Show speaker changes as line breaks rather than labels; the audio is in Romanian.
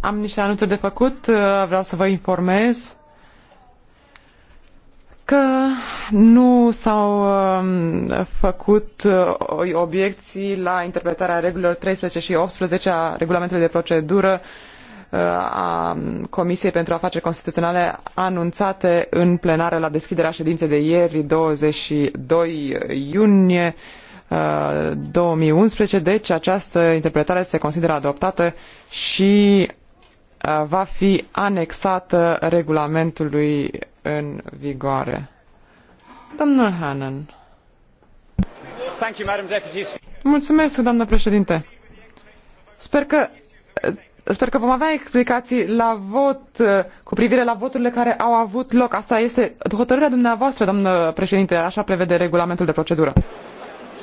Am niște anunțuri de făcut. Uh, vreau să vă informez că nu s-au um, făcut uh, obiecții la interpretarea regulilor 13 și 18 a regulamentului de procedură uh, a Comisiei pentru Afaceri Constituționale anunțate în plenară la deschiderea ședinței de ieri, 22 iunie 2011, deci această interpretare se consideră adoptată și uh, va fi anexată regulamentului în vigoare. Domnul Hannan. Mulțumesc, doamnă președinte. Sper că sper că vom avea explicații la vot uh, cu privire la voturile care au avut loc. Asta este hotărârea dumneavoastră, doamnă președinte, așa prevede regulamentul de procedură.